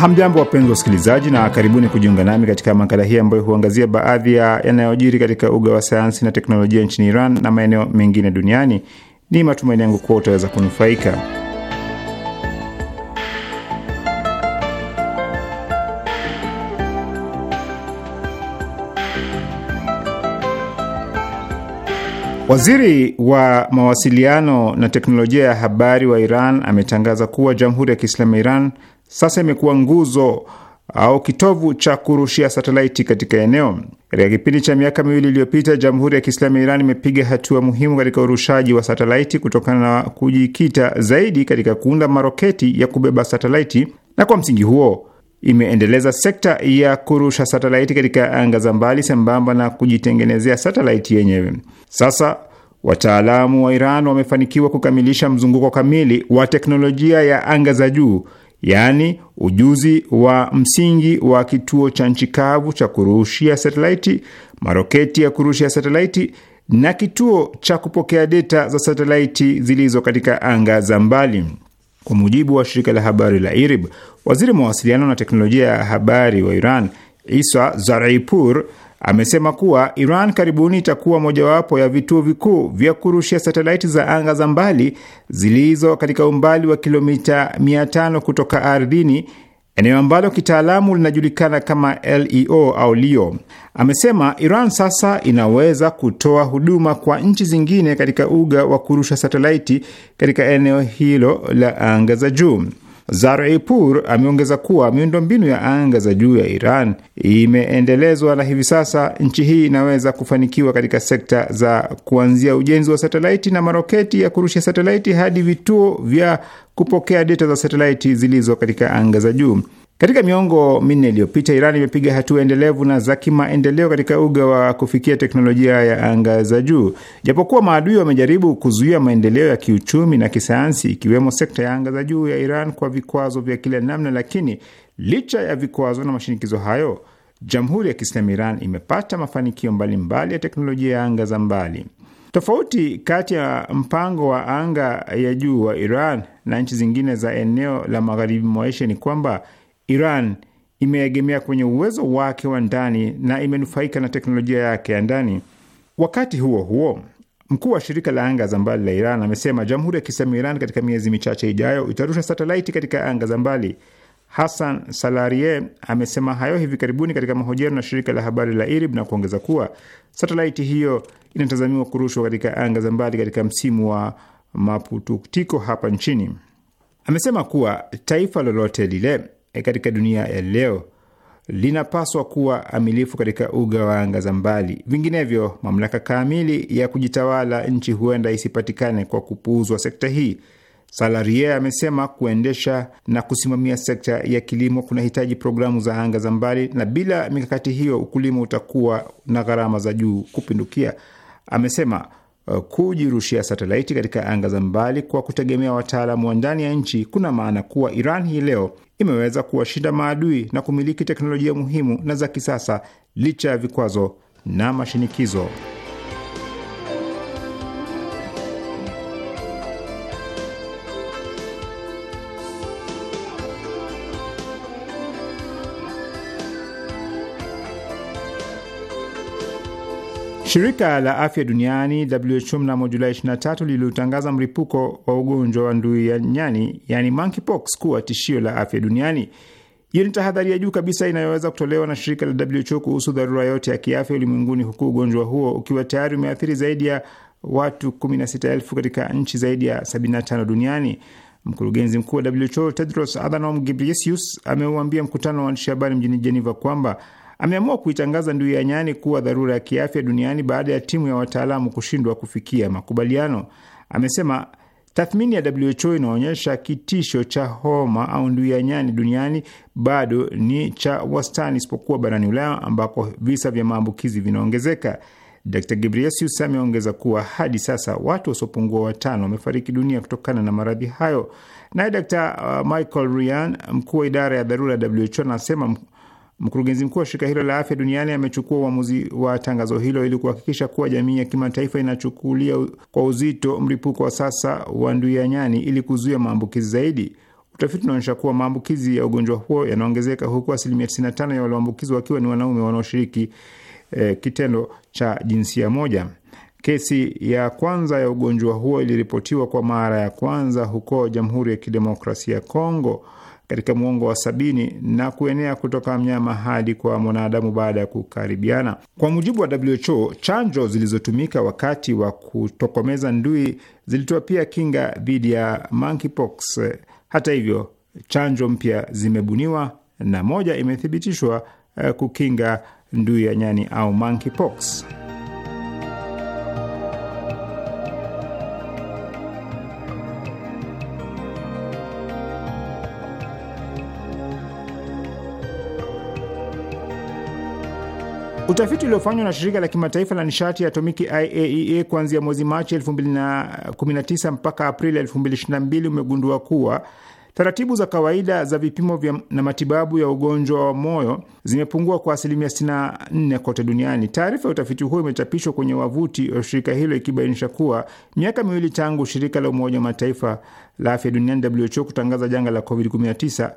Hamjambo, wapenzi wasikilizaji, na karibuni kujiunga nami katika makala hii ambayo huangazia baadhi ya yanayojiri katika uga wa sayansi na teknolojia nchini Iran na maeneo mengine duniani. Ni matumaini yangu kuwa utaweza kunufaika. Waziri wa mawasiliano na teknolojia ya habari wa Iran ametangaza kuwa Jamhuri ya Kiislamu ya Iran sasa imekuwa nguzo au kitovu cha kurushia satelaiti katika eneo. Katika kipindi cha miaka miwili iliyopita, Jamhuri ya Kiislamu ya Iran imepiga hatua muhimu katika urushaji wa satelaiti kutokana na kujikita zaidi katika kuunda maroketi ya kubeba satelaiti, na kwa msingi huo imeendeleza sekta ya kurusha satelaiti katika anga za mbali sambamba na kujitengenezea satelaiti yenyewe. Sasa wataalamu wa Iran wamefanikiwa kukamilisha mzunguko kamili wa teknolojia ya anga za juu yaani ujuzi wa msingi wa kituo cha nchi kavu cha kurushia satelaiti, maroketi ya kurushia satelaiti na kituo cha kupokea deta za satelaiti zilizo katika anga za mbali. Kwa mujibu wa shirika la habari la IRIB, waziri mawasiliano na teknolojia ya habari wa Iran Isa Zaraipur amesema kuwa Iran karibuni itakuwa mojawapo ya vituo vikuu vya kurushia satelaiti za anga za mbali zilizo katika umbali wa kilomita 500 kutoka ardhini, eneo ambalo kitaalamu linajulikana kama LEO au LEO. Amesema Iran sasa inaweza kutoa huduma kwa nchi zingine katika uga wa kurusha satelaiti katika eneo hilo la anga za juu. Zareipur ameongeza kuwa miundo mbinu ya anga za juu ya Iran imeendelezwa na hivi sasa nchi hii inaweza kufanikiwa katika sekta za kuanzia ujenzi wa satelaiti na maroketi ya kurusha satelaiti hadi vituo vya kupokea data za satelaiti zilizo katika anga za juu. Katika miongo minne iliyopita, Iran imepiga hatua endelevu na za kimaendeleo katika uga wa kufikia teknolojia ya anga za juu. Japokuwa maadui wamejaribu kuzuia maendeleo ya kiuchumi na kisayansi, ikiwemo sekta ya anga za juu ya Iran kwa vikwazo vya kila namna, lakini licha ya vikwazo na mashinikizo hayo, Jamhuri ya Kiislamu Iran imepata mafanikio mbalimbali mbali ya teknolojia ya anga za mbali. Tofauti kati ya mpango wa anga ya juu wa Iran na nchi zingine za eneo la magharibi mwa Asia ni kwamba Iran imeegemea kwenye uwezo wake wa ndani na imenufaika na teknolojia yake ya ndani. Wakati huo huo, mkuu wa shirika la anga za mbali la Iran amesema Jamhuri ya Kiislamu ya Iran katika miezi michache ijayo itarusha satelaiti katika anga za mbali. Hassan Salarie amesema hayo hivi karibuni katika mahojiano na shirika la habari la IRIB na kuongeza kuwa satelaiti hiyo inatazamiwa kurushwa katika anga za mbali katika msimu wa maputuktiko hapa nchini. Amesema kuwa taifa lolote lile Eh, katika dunia ya leo linapaswa kuwa amilifu katika uga wa anga za mbali. Vinginevyo, mamlaka kamili ya kujitawala nchi huenda isipatikane kwa kupuuzwa sekta hii. salarie amesema kuendesha na kusimamia sekta ya kilimo kunahitaji programu za anga za mbali, na bila mikakati hiyo ukulima utakuwa na gharama za juu kupindukia. Amesema Uh, kujirushia satelaiti katika anga za mbali kwa kutegemea wataalamu wa ndani ya nchi, kuna maana kuwa Iran hii leo imeweza kuwashinda maadui na kumiliki teknolojia muhimu na za kisasa licha ya vikwazo na mashinikizo. Shirika la afya duniani WHO mnamo Julai 23 lililotangaza mlipuko wa ugonjwa wa ndui ya nyani, yani monkeypox, kuwa tishio la afya duniani. Hiyo ni tahadhari ya juu kabisa inayoweza kutolewa na shirika la WHO kuhusu dharura yote ya kiafya ulimwenguni, huku ugonjwa huo ukiwa tayari umeathiri zaidi ya watu 16,000 katika nchi zaidi ya 75 duniani. Mkurugenzi mkuu wa WHO Tedros Adhanom Ghebreyesus ameuambia mkutano wa waandishi habari mjini Geneva kwamba ameamua kuitangaza ndui ya nyani kuwa dharura ya kiafya duniani baada ya timu ya wataalamu kushindwa kufikia makubaliano. Amesema tathmini ya WHO inaonyesha kitisho cha homa au ndui ya nyani duniani bado ni cha wastani, isipokuwa barani Ulaya ambako visa vya maambukizi vinaongezeka. Dr Ghebreyesus ameongeza kuwa hadi sasa watu wasiopungua watano wamefariki dunia kutokana na maradhi hayo. Naye Dr Michael Ryan, mkuu wa idara ya dharura ya WHO, anasema Mkurugenzi mkuu wa shirika hilo la afya duniani amechukua uamuzi wa tangazo hilo ili kuhakikisha kuwa jamii ya kimataifa inachukulia kwa uzito mlipuko wa sasa wa nduianyani ili kuzuia maambukizi zaidi. Utafiti unaonyesha kuwa maambukizi ya ugonjwa huo yanaongezeka huku asilimia 95 ya walioambukizwa wakiwa ni wanaume wanaoshiriki eh, kitendo cha jinsia moja. Kesi ya kwanza ya ugonjwa huo iliripotiwa kwa mara ya kwanza huko Jamhuri ya Kidemokrasia ya Kongo katika mwongo wa sabini na kuenea kutoka mnyama hadi kwa mwanadamu baada ya kukaribiana. Kwa mujibu wa WHO, chanjo zilizotumika wakati wa kutokomeza ndui zilitoa pia kinga dhidi ya monkeypox. Hata hivyo, chanjo mpya zimebuniwa na moja imethibitishwa eh, kukinga ndui ya nyani au monkeypox. Utafiti uliofanywa na shirika la kimataifa la nishati ya atomiki IAEA e, kuanzia mwezi Machi 2019 mpaka Aprili 2022 umegundua kuwa taratibu za kawaida za vipimo vya na matibabu ya ugonjwa wa moyo zimepungua kwa asilimia 64 kote duniani. Taarifa ya utafiti huo imechapishwa kwenye wavuti wa shirika hilo ikibainisha kuwa miaka miwili tangu shirika la Umoja wa Mataifa la afya duniani WHO kutangaza janga la COVID-19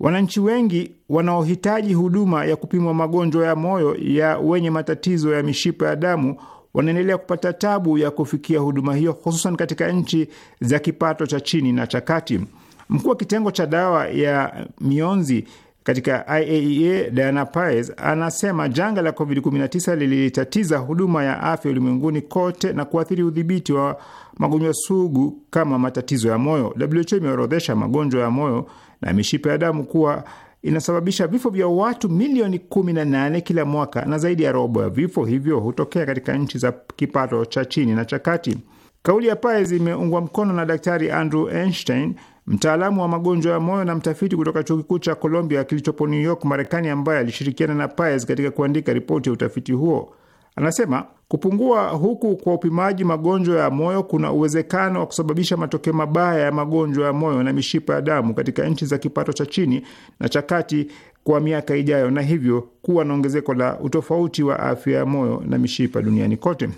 Wananchi wengi wanaohitaji huduma ya kupimwa magonjwa ya moyo ya wenye matatizo ya mishipa ya damu wanaendelea kupata tabu ya kufikia huduma hiyo, hususan katika nchi za kipato cha chini na cha kati. Mkuu wa kitengo cha dawa ya mionzi katika IAEA e Diana Paez anasema janga la COVID-19 lilitatiza huduma ya afya ulimwenguni kote na kuathiri udhibiti wa magonjwa sugu kama matatizo ya moyo. WHO imeorodhesha magonjwa ya moyo na mishipa ya damu kuwa inasababisha vifo vya watu milioni 18 kila mwaka, na zaidi ya robo ya vifo hivyo hutokea katika nchi za kipato cha chini na cha kati. Kauli ya Paez imeungwa mkono na Daktari Andrew Einstein, mtaalamu wa magonjwa ya moyo na mtafiti kutoka chuo kikuu cha Columbia kilichopo New York, Marekani, ambaye alishirikiana na Paez katika kuandika ripoti ya utafiti huo. Anasema kupungua huku kwa upimaji magonjwa ya moyo kuna uwezekano wa kusababisha matokeo mabaya ya magonjwa ya moyo na mishipa ya damu katika nchi za kipato cha chini na cha kati kwa miaka ijayo, na hivyo kuwa na ongezeko la utofauti wa afya ya moyo na mishipa duniani kote.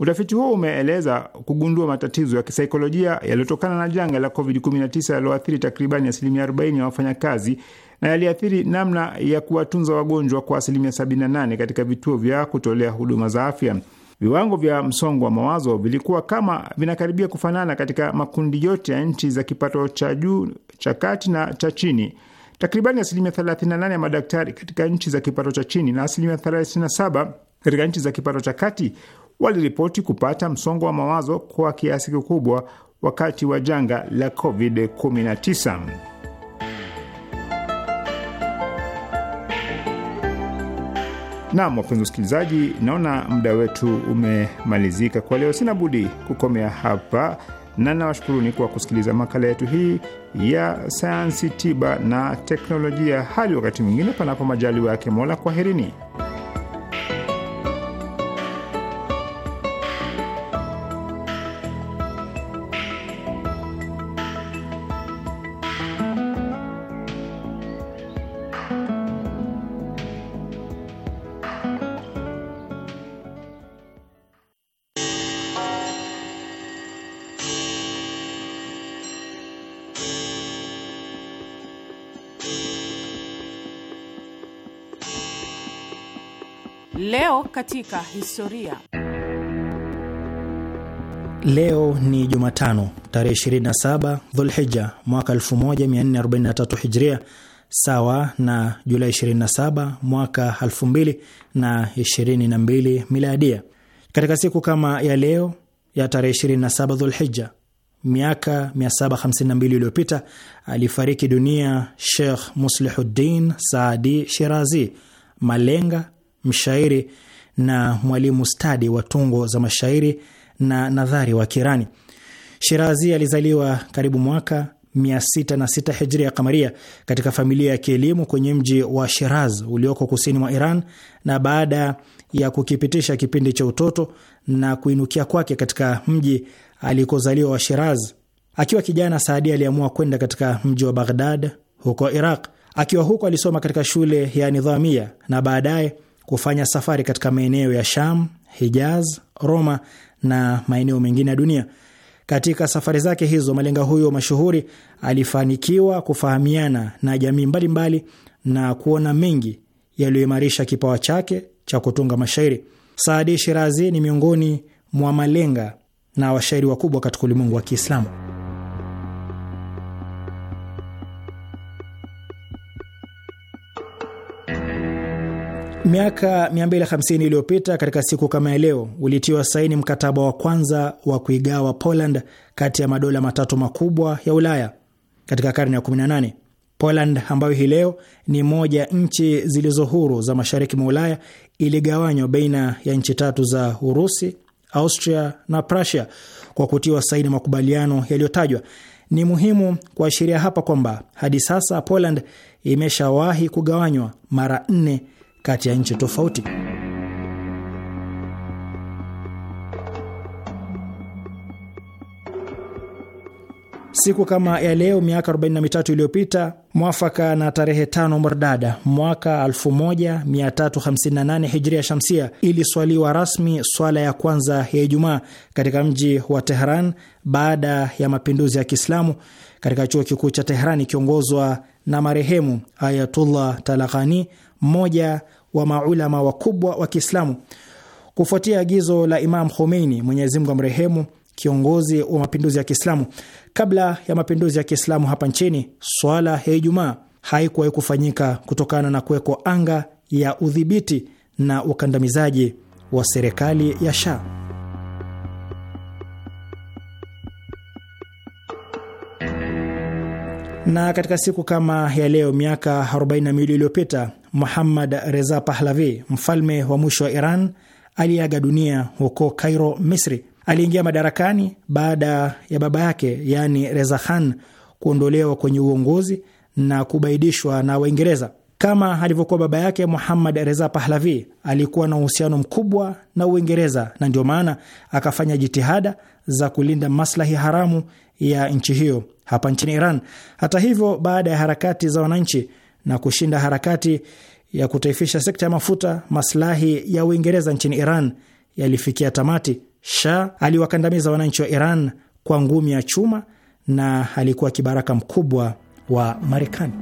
Utafiti huo umeeleza kugundua matatizo ya kisaikolojia yaliyotokana na janga la COVID-19 yaliyoathiri takribani asilimia 40 ya wafanyakazi na yaliathiri namna ya kuwatunza wagonjwa kwa asilimia 78 katika vituo vya kutolea huduma za afya. Viwango vya msongo wa mawazo vilikuwa kama vinakaribia kufanana katika makundi yote ya nchi za kipato cha juu, cha kati na cha chini. Takribani asilimia 38 ya madaktari katika nchi za kipato cha chini na asilimia 37 katika nchi za kipato cha kati waliripoti kupata msongo wa mawazo kwa kiasi kikubwa wakati wa janga la COVID-19. Naam, wapenzi wasikilizaji, naona muda wetu umemalizika kwa leo. Sina budi kukomea hapa na nawashukuruni kwa kusikiliza makala yetu hii ya sayansi, tiba na teknolojia. Hadi wakati mwingine, panapo majaliwa yake Mola, kwaherini. Leo katika historia. Leo ni Jumatano tarehe 27 Dhulhija mwaka 1443 Hijria, sawa na Julai 27 mwaka 2022 Miladia. Katika siku kama ya leo ya tarehe 27 Dhulhija miaka 752 iliyopita alifariki dunia Sheikh Muslihuddin Saadi Shirazi, malenga, mshairi na mwalimu stadi wa tungo za mashairi na nadhari wa Kirani. Shirazi alizaliwa karibu mwaka 606 hijri ya kamaria katika familia ya kielimu kwenye mji wa Shiraz ulioko kusini mwa Iran, na baada ya kukipitisha kipindi cha utoto na kuinukia kwake katika mji alikozaliwa wa Shiraz, akiwa kijana Saadi aliamua kwenda katika mji wa Baghdad huko Iraq. Akiwa huko alisoma katika shule ya Nidhamia na baadaye kufanya safari katika maeneo ya Sham, Hijaz, Roma na maeneo mengine ya dunia. Katika safari zake hizo, malenga huyo mashuhuri alifanikiwa kufahamiana na jamii mbalimbali na kuona mengi yaliyoimarisha kipawa chake cha kutunga mashairi. Saadi Shirazi ni miongoni mwa malenga na washairi wakubwa katika ulimwengu wa Kiislamu. Miaka 250 iliyopita katika siku kama ya leo ulitiwa saini mkataba wa kwanza wa kuigawa Poland kati ya madola matatu makubwa ya Ulaya katika karne ya 18. Poland ambayo hii leo ni moja nchi zilizo huru za mashariki mwa Ulaya iligawanywa baina ya nchi tatu za Urusi, Austria na Prussia kwa kutiwa saini makubaliano yaliyotajwa. Ni muhimu kuashiria hapa kwamba hadi sasa Poland imeshawahi kugawanywa mara nne kati ya nchi tofauti. Siku kama ya leo miaka 43 iliyopita mwafaka na tarehe tano Mordada mwaka 1358 Hijria Shamsia, iliswaliwa rasmi swala ya kwanza ya Ijumaa katika mji wa Tehran baada ya mapinduzi ya Kiislamu katika chuo kikuu cha Tehran ikiongozwa na marehemu Ayatullah Talakani, mmoja wa maulama wakubwa wa Kiislamu. Kufuatia agizo la Imam Khomeini, Mwenyezi Mungu amrehemu, kiongozi wa mapinduzi ya Kiislamu, kabla ya mapinduzi ya Kiislamu hapa nchini, swala ya Ijumaa haikuwahi kufanyika kutokana na kuwekwa anga ya udhibiti na ukandamizaji wa serikali ya Shah. Na katika siku kama ya leo miaka 42 iliyopita Muhammad Reza Pahlavi, mfalme wa mwisho wa Iran aliyeaga dunia huko Cairo, Misri. Aliingia madarakani baada ya baba yake yaani Reza Khan kuondolewa kwenye uongozi na kubaidishwa na Waingereza. Kama alivyokuwa baba yake, Muhammad Reza Pahlavi alikuwa na uhusiano mkubwa na Uingereza na ndio maana akafanya jitihada za kulinda maslahi haramu ya nchi hiyo hapa nchini Iran. Hata hivyo, baada ya harakati za wananchi na kushinda harakati ya kutaifisha sekta ya mafuta, maslahi ya Uingereza nchini Iran yalifikia tamati. Shah aliwakandamiza wananchi wa Iran kwa ngumi ya chuma na alikuwa kibaraka mkubwa wa Marekani.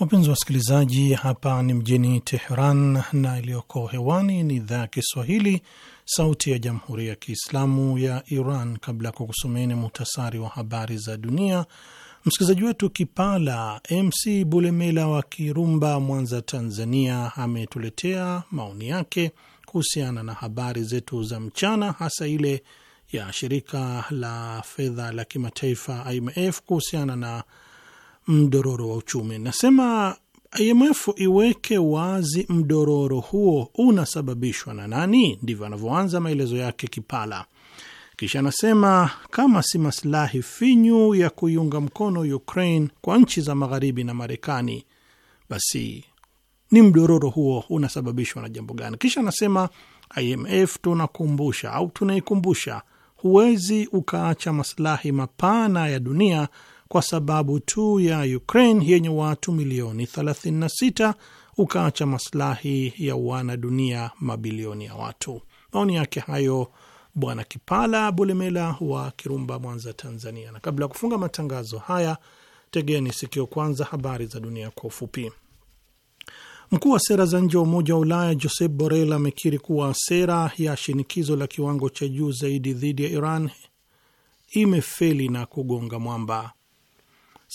Wapenzi wa wasikilizaji, hapa ni mjini Teheran na iliyoko hewani ni idhaa ya Kiswahili, Sauti ya Jamhuri ya Kiislamu ya Iran. Kabla ya kukusomeni muhtasari wa habari za dunia, msikilizaji wetu Kipala MC Bulemela wa Kirumba, Mwanza, Tanzania, ametuletea maoni yake kuhusiana na habari zetu za mchana, hasa ile ya shirika la fedha la kimataifa IMF kuhusiana na mdororo wa uchumi. Nasema IMF iweke wazi mdororo huo unasababishwa na nani, ndivyo anavyoanza maelezo yake Kipala. Kisha anasema kama si masilahi finyu ya kuiunga mkono Ukraine kwa nchi za Magharibi na Marekani, basi ni mdororo huo unasababishwa na jambo gani? Kisha anasema IMF tunakumbusha au tunaikumbusha, huwezi ukaacha masilahi mapana ya dunia kwa sababu tu ya Ukraine yenye watu milioni 36 ukaacha maslahi ya wanadunia mabilioni ya watu. Maoni yake hayo Bwana Kipala Bulemela wa Kirumba, Mwanza, Tanzania. Na kabla ya kufunga matangazo haya, tegeni sikio kwanza habari za dunia kwa ufupi. Mkuu wa sera za nje wa Umoja wa Ulaya Josep Borrell amekiri kuwa sera ya shinikizo la kiwango cha juu zaidi dhidi ya Iran imefeli na kugonga mwamba.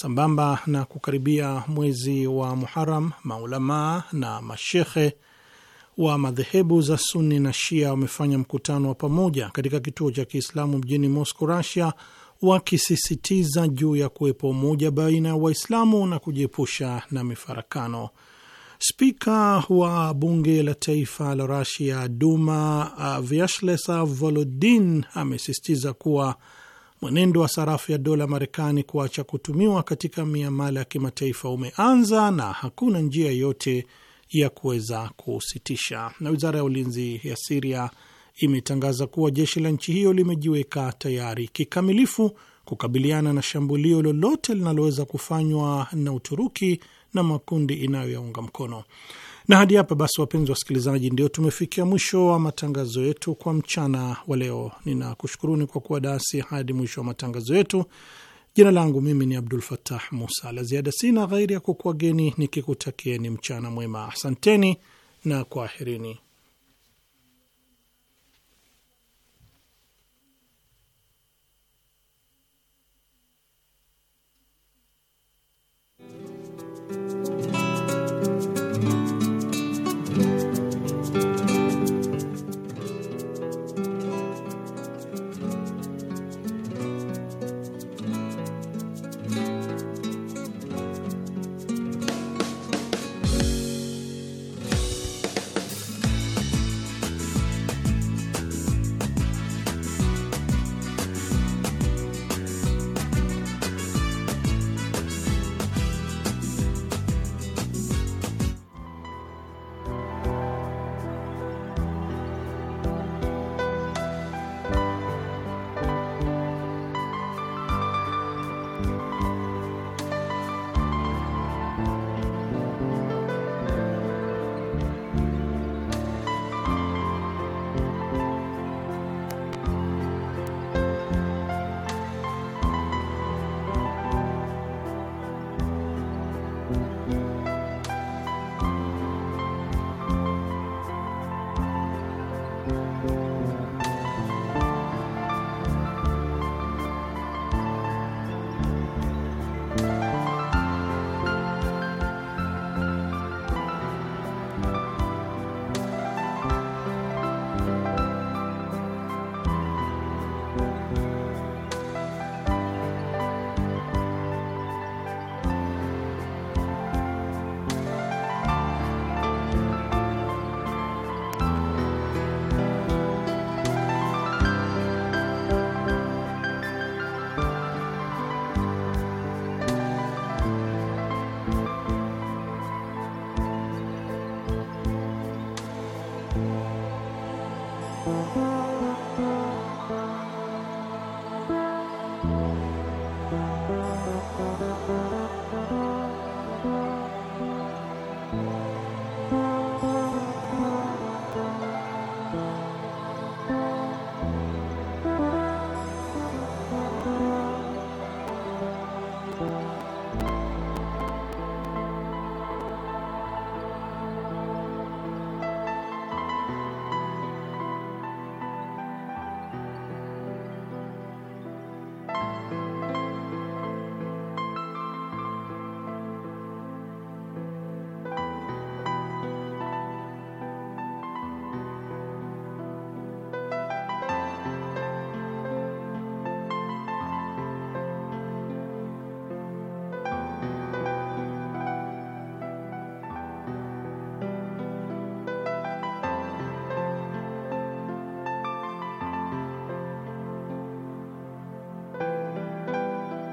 Sambamba na kukaribia mwezi wa Muharam, maulamaa na mashekhe wa madhehebu za Sunni na Shia wamefanya mkutano wa pamoja katika kituo cha Kiislamu mjini Moscow, Russia, wakisisitiza juu ya kuwepo umoja baina ya Waislamu na kujiepusha na mifarakano. Spika wa bunge la taifa la Rasia Duma Vyacheslav Volodin amesisitiza kuwa Mwenendo wa sarafu ya dola Marekani kuacha kutumiwa katika miamala ya kimataifa umeanza na hakuna njia yote ya kuweza kusitisha. Na wizara ya ulinzi ya Siria imetangaza kuwa jeshi la nchi hiyo limejiweka tayari kikamilifu kukabiliana na shambulio lolote linaloweza kufanywa na Uturuki na makundi inayoyaunga mkono. Na hadi hapa basi, wapenzi wasikilizaji, ndio tumefikia mwisho wa matangazo yetu kwa mchana wa leo. Ninakushukuruni kwa kuwa dasi hadi mwisho wa matangazo yetu. Jina langu mimi ni Abdul Fatah Musa. La ziada sina, ghairi ya kukuageni nikikutakieni mchana mwema. Asanteni na kwaherini.